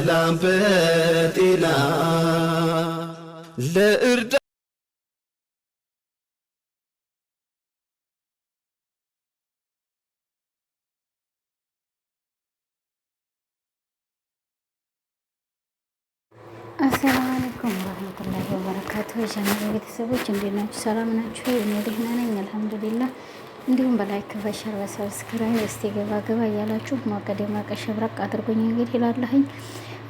በሰላም በጤና ለእርዳ አሰላሙ አለይኩም ወረህመቱላሂ ወበረካቱ። የቻናል ቤተሰቦች እንዴት ናችሁ? ሰላም ናችሁ? እኔ ደህና ነኝ አልሐምዱሊላህ። እንዲሁም በላይክ በሸር በሰብስክራይብ እስቲ ገባ ገባ እያላችሁ ሞቀ ደማቀ ሸብረቅ አድርጎኝ እንግዲህ ይላለሁኝ።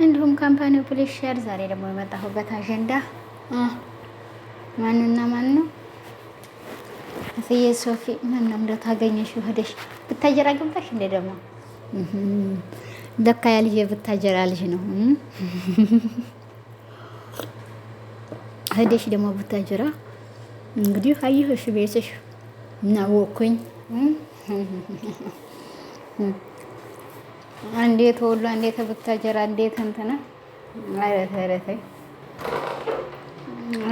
እንዲሁም ካምፓኒው ፕሊዝ ዛሬ ደግሞ የመጣሁበት አጀንዳ ማንና ማን ነው? አስዬ ሶፊ ምን ነው እንደታገኘሽ ወደሽ ሆደሽ ብታጀራ ገባሽ እንደ ደግሞ ለካ ያ ልጅ ብታጀራ ልጅ ነው። ሄደሽ ደግሞ ብታጀራ እንግዲህ አየሁሽ ቤትሽ እና ወኩኝ አንዴ ተወሎ አንዴ ተብታጀራ አንዴ ተንተና አረተ አረተ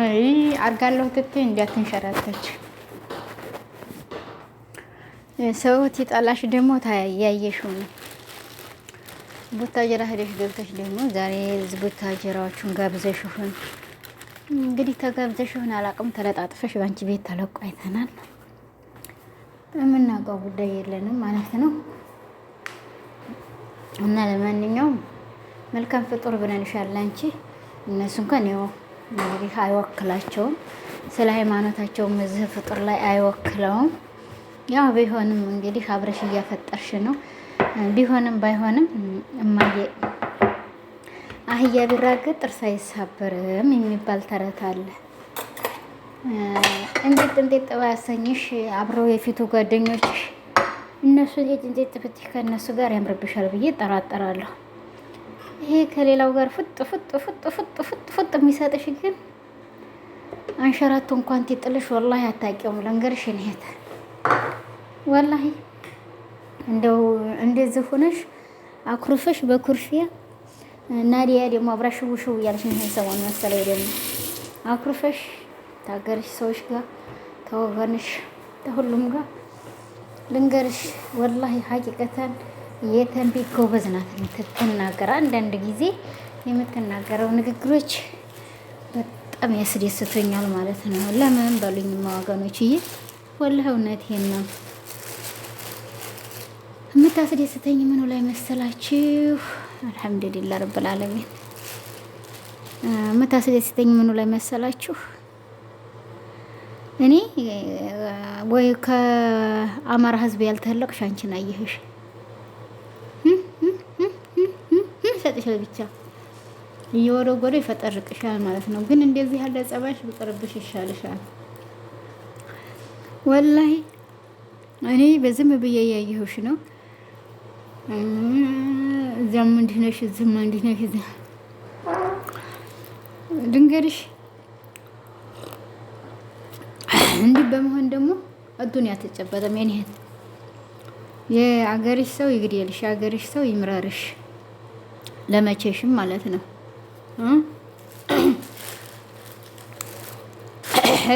አይ አርጋለሁ ትቴ እንዲያትንሸራተች ሰው ቲጣላሽ ደግሞ ታያየሽው ነው። ቡታጀራ ሄደሽ ገብተሽ ደግሞ ዛሬ ቡታጀራዎቹን ጋብዘሽሁን እንግዲህ ተጋብዘሽሁን አላቅም ተለጣጥፈሽ በአንቺ ቤት ተለቆ አይተናል። የምናውቀው ጉዳይ የለንም ማለት ነው። እና ለማንኛውም መልካም ፍጡር ብለንሻል አንቺ። እነሱ እንኳን ያው እንግዲህ አይወክላቸውም፣ ስለ ሃይማኖታቸውም እዚህ ፍጡር ላይ አይወክለውም። ያው ቢሆንም እንግዲህ አብረሽ እያፈጠርሽ ነው። ቢሆንም ባይሆንም እማዬ አህያ ቢራገጥ ጥርስ አይሳበርም የሚባል ተረት አለ። እንዴት እንዴት ጥባ ያሰኝሽ አብረው የፊቱ ጓደኞችሽ እነሱ እነሱን ሄጅንዜ ጥፍት ከእነሱ ጋር ያምርብሻል ብዬ እጠራጠራለሁ። ይሄ ከሌላው ጋር ፍጥ ፍጥ ፍጥ ፍጥ ፍጥ ፍጥ የሚሰጥሽ ግን አንሸራቱ እንኳን ትጥልሽ ወላሂ አታውቂውም። ለንገርሽ ንሄት ወላሂ እንደው እንደዚህ ሆነሽ አኩርፈሽ በኩርፊያ ናዲያ ደግሞ አብራሽ ውሽው እያለሽ ምን ሰሞን መሰለኝ ደግሞ አኩርፈሽ ታገርሽ ሰዎች ጋር ተወገንሽ ተሁሉም ጋር ልንገርሽ ወላሂ ሀቂቀተን የተንቢ ጎበዝ ናት የምትናገር። አንዳንድ ጊዜ የምትናገረው ንግግሮች በጣም ያስደስቶኛል ማለት ነው። ለምን በሉኝ ማዋገኖች እዬ ወላሂ እውነቴን ነው። የምታስደስተኝ ምኑ ላይ መሰላችሁ? አልሐምዱሊላ ረብል ዓለሚን የምታስደስተኝ ምኑ ላይ መሰላችሁ? እኔ ወይ ከአማራ ህዝብ ያልተለቅሽ አንቺን አየህሽ ሰጥሽ ብቻ እየወረወረ ይፈጠርቅሻል ማለት ነው። ግን እንደዚህ ያለ ጸባይሽ ብቅርብሽ ይሻልሻል። ወላሂ እኔ በዝም ብዬ እያየሁሽ ነው። እዚያም እንዲህ ነሽ፣ እዚህም እንዲህ ነሽ። ድንገርሽ ደግሞ አዱንያ አትጨበጥም። የኔ እህት የአገርሽ ሰው ይግደልሽ፣ የአገርሽ ሰው ይምረርሽ፣ ለመቼሽም ማለት ነው።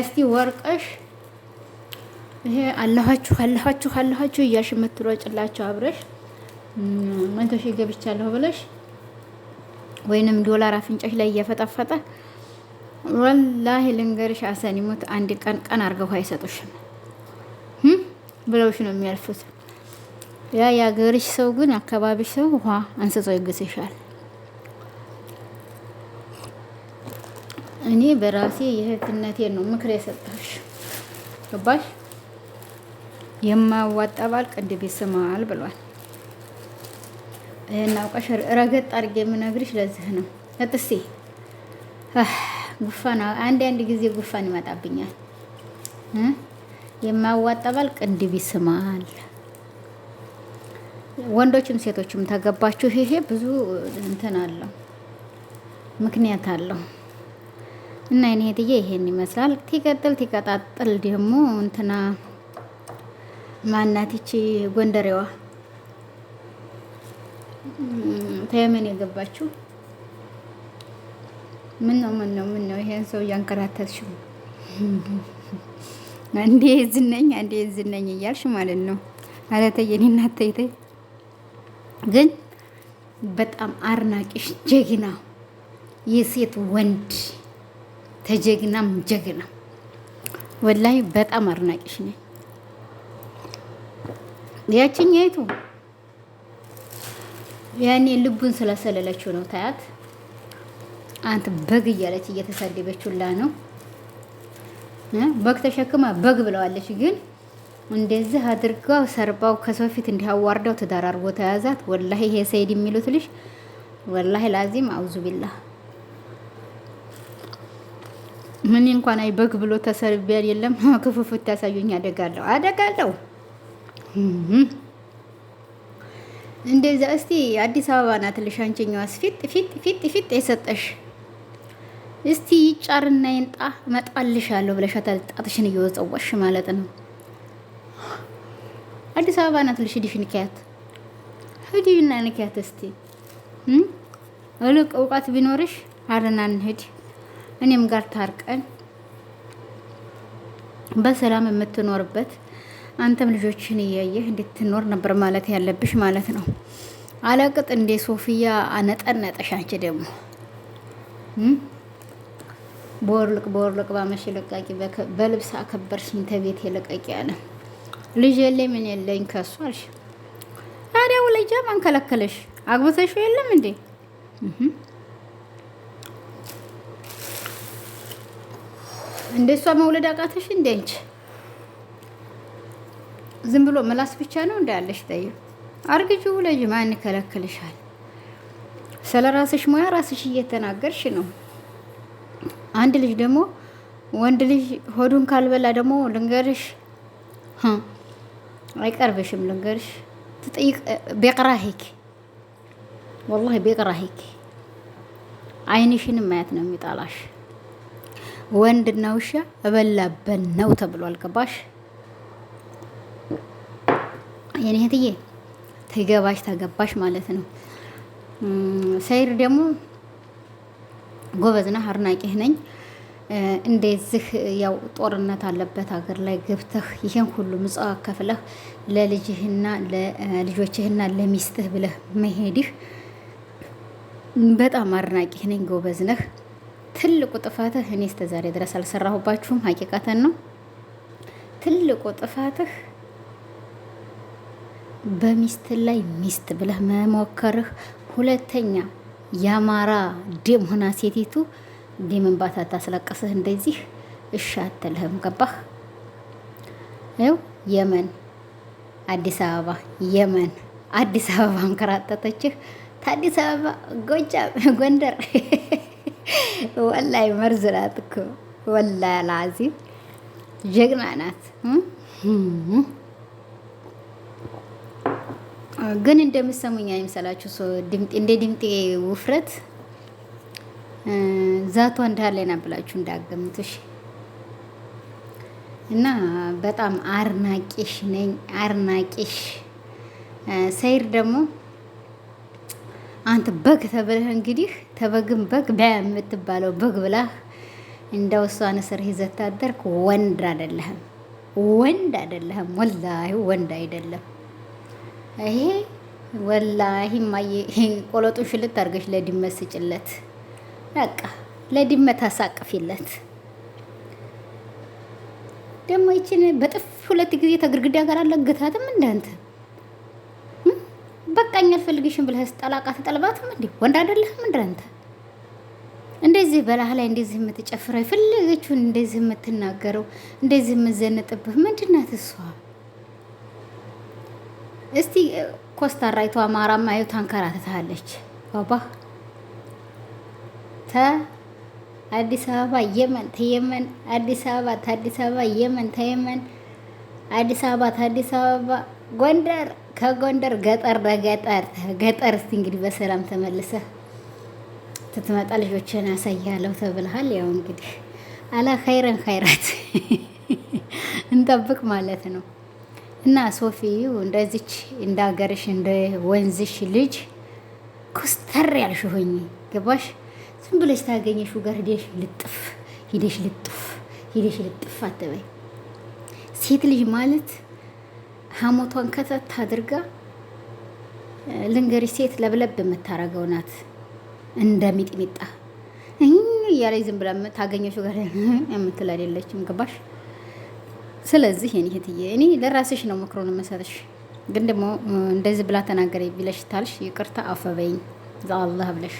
እስቲ ወርቀሽ ይሄ አላኋችሁ አላኋችሁ አላኋችሁ እያልሽ የምትሮጭላቸው አብረሽ መቶ ሺህ ገብቻለሁ ብለሽ ወይንም ዶላር አፍንጫሽ ላይ እያፈጣፈጠ ወላሂ ልንገርሽ፣ አሰኒሙት አንድ ቀን ቀን አድርገው አይሰጡሽም ብለውሽ ነው የሚያልፉት። ያ የሀገርሽ ሰው ግን አካባቢሽ ሰው ውሃ አንስቶ ይግስሻል። እኔ በራሴ የእህትነቴን ነው ምክር የሰጠሽ። ገባሽ? የማዋጣ ባል ቅንድብ ይስማል ብሏል። ይህን አውቀሽ ረገጥ አድርጌ የምነግርሽ ለዚህ ነው እጥሴ ጉፋን አንድ አንድ ጊዜ ጉፋን ይመጣብኛል። የማዋጣባል ባል ቅንድብ ይስማል። ወንዶችም ሴቶችም ተገባችሁ፣ ይሄ ብዙ እንትን አለው ምክንያት አለው እና እኔ እህትዬ ይሄን ይመስላል። ቲቀጥል ቲቀጣጥል ደግሞ እንትና ማናትቺ ጎንደሬዋ ተየመን የገባችው ምን ነው ምን ነው ምን ነው? ይሄን ሰው እያንከራተትሽው አንዴ ዝነኝ አንዴ ዝነኝ እያልሽ ማለት ነው። ኧረ ተይ እኔ እናት ተይ ተይ። ግን በጣም አድናቂሽ ጀግና፣ የሴት ወንድ ተጀግናም ጀግና፣ ወላሂ በጣም አድናቂሽ ነኝ። ያቺኛይቱ ያኔ ልቡን ስለሰለለችው ነው ታያት አንተ በግ እያለች እየተሳደበች ሁላ ነው። በግ ተሸክማ በግ ብለዋለች። ግን እንደዚህ አድርጋው ሰርባው ከሰው ፊት እንዲህ አዋርዳው ትዳር አድርጎ ተያዛት። ወላሂ ይሄ ሰይድ የሚሉት ልጅ ወላሂ ላዚም አውዙ ቢላ ምን እንኳን አይ በግ ብሎ ተሰርቢያል የለም ክፉፍት ያሳዩኝ። አደጋለሁ አደጋለሁ እንደዛ እስቲ አዲስ አበባ ናት ልሽ አንቺኛዋስ ፊጥ ፊጥ ፊጥ ፊጥ የሰጠሽ እስቲ ይጫርና ይንጣ እመጣልሻለሁ ብለሻታል። ጣትሽን እየወጸወሽ ማለት ነው። አዲስ አበባ ናት ልሽ ሂድሽ ንኪያት፣ ሂድና ንኪያት። እስቲ እልቅ እውቀት ቢኖርሽ ሀረና እንሂድ፣ እኔም ጋር ታርቀን በሰላም የምትኖርበት አንተም ልጆችን እያየህ እንድትኖር ነበር ማለት ያለብሽ ማለት ነው። አለቅጥ እንዴ ሶፊያ አነጠነጠሽ። አንቺ ደግሞ በወርልቅ በወርልቅ ባመሽ ለቃቂ በልብስ አከበርሽኝ ተቤት የለቀቂ አለ ልጅ የለኝ ምን የለኝ ከሱ አልሽ። ታዲያ ውለጃ ማን ከለከለሽ? አግብተሽ የለም እንዴ? እንደሷ መውለድ አቃተሽ እንዴ? አንቺ ዝም ብሎ ምላስ ብቻ ነው እንዳለሽ ታዩ። አርግጁ ውለጅ፣ ማን ይከለክልሻል? ስለ ራስሽ ሙያ ራስሽ እየተናገርሽ ነው። አንድ ልጅ ደግሞ ወንድ ልጅ ሆዱን ካልበላ ደግሞ ልንገርሽ አይቀርብሽም። ልንገርሽ ትጠይቅ ቤቅራ ሄክ ወላ ቤቅራ ሄክ አይንሽንም ማየት ነው የሚጣላሽ። ወንድና ውሻ እበላበን ነው ተብሎ አልገባሽ? የኔ እህትዬ ተገባሽ ተገባሽ ማለት ነው። ሰይር ደግሞ ጎበዝና ነህ፣ አድናቂህ ነኝ። እንደዚህ ያው ጦርነት አለበት ሀገር ላይ ገብተህ ይሄን ሁሉ ምጽዋት ከፍለህ ለልጅህና ለልጆችህና ለሚስትህ ብለህ መሄድህ በጣም አድናቂ ነኝ፣ ጎበዝ ነህ። ትልቁ ጥፋትህ እኔ እስከ ዛሬ ድረስ አልሰራሁባችሁም፣ ሀቂቃተን ነው። ትልቁ ጥፋትህ በሚስት ላይ ሚስት ብለህ መሞከርህ። ሁለተኛ የአማራ ደም ሆና ሴቲቱ ደምን ባት እንደዚህ እሺ አትልህም። ገባህ? ይኸው የመን አዲስ አበባ የመን አዲስ አበባ አንከራተተችህ። ታዲስ አበባ ጎጃም፣ ጎንደር ወላይ መርዝ ናት እኮ ወላይ ጀግና ናት። ግን እንደምሰሙኝ አይምሰላችሁ። እንደ ድምጤ ውፍረት ዛቷ እንዳለና ብላችሁ እንዳገምትሽ እና በጣም አርናቂሽ ነኝ አርናቂሽ። ሰይር ደግሞ አንተ በግ ተብለህ እንግዲህ ተበግም በግ በያ የምትባለው በግ ብላህ እንዳው እሷን እስር ይዘህ ወንድ አይደለህም፣ ወንድ አይደለህም፣ ወላሂ ወንድ አይደለም። ይሄ ወላሂ እማዬ ቆለጡን ሽልት አድርገሽ ለድመት ስጭለት። በቃ ለድመት አሳቅፊለት። ደግሞ ይችን በጥፍ ሁለት ጊዜ ተግርግዳ ጋር አለግታትም እንዳንተ በቃኝ አልፈልግሽም ብለህ ጠላቃ ተጠልባትም እንዴ ወንድ አይደለህም እንዳንተ እንደዚህ በላህ ላይ እንደዚህ የምትጨፍረው የፈለገችውን እንደዚህ የምትናገረው እንደዚህ የምትዘንጥብህ ምንድናት እሷ? እስቲ ኮስታራይቷ አማራ ማየው ታንከራትታለች። ባባ ተ አዲስ አበባ የመን ተየመን አዲስ አበባ ታዲስ አበባ የመን ተየመን አዲስ አበባ ታዲስ አበባ ጎንደር ከጎንደር ገጠር በገጠር ገጠር እስቲ እንግዲህ በሰላም ተመልሰህ ትትመጣ ልጆችን አሳያለሁ ተብልሃል። ያው እንግዲህ አላ ኸይረን ኸይራት እንጠብቅ ማለት ነው። እና ሶፊ እንደዚች እንደ ሀገርሽ እንደ ወንዝሽ ልጅ ኮስተር ያልሽ ሆኝ ገባሽ። ዝም ብለሽ ታገኘሽ ጋር ሂደሽ ልጥፍ ሂደሽ ልጥፍ ሂደሽ ልጥፍ አትበይ። ሴት ልጅ ማለት ሀሞቷን ከተት አድርጋ ልንገሪ፣ ሴት ለብለብ የምታረገው ናት እንደ ሚጥሚጣ እያለች ዝም ብላ ታገኘሽ ጋር የምትል አይደለችም። ገባሽ ስለዚህ የኔ እህትዬ እኔ ለራስሽ ነው ምክሩን መሰለሽ፣ ግን ደግሞ እንደዚህ ብላ ተናገረ ቢለሽ ታልሽ ይቅርታ አፈበይኝ ዛአላህ ብለሽ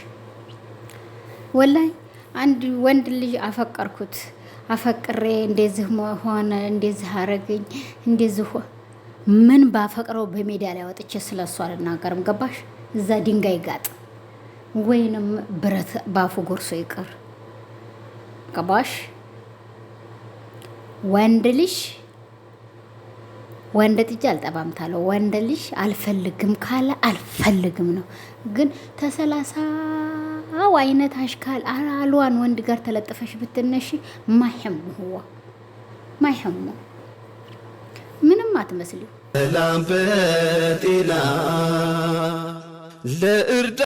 ወላይ አንድ ወንድ ልጅ አፈቀርኩት አፈቅሬ እንደዚህ ሆነ እንደዚህ አረገኝ እንደዚህ ምን ባፈቅረው በሜዳ ላይ ወጥቼ ስለሱ አልናገርም። ገባሽ? እዛ ድንጋይ ጋጥ ወይንም ብረት ባፉ ጎርሶ ይቅር ገባሽ? ወንድ ልሽ ወንድ ጥጃ አልጠባም ታለው ወንድ ልሽ አልፈልግም ካለ አልፈልግም ነው። ግን ተሰላሳው አይነት አሽካል አልዋን ወንድ ጋር ተለጥፈሽ ብትነሽ ማይሐም ህዋ ማይሐም ምንም አትመስልም። ሰላም በጤና ለእርዳ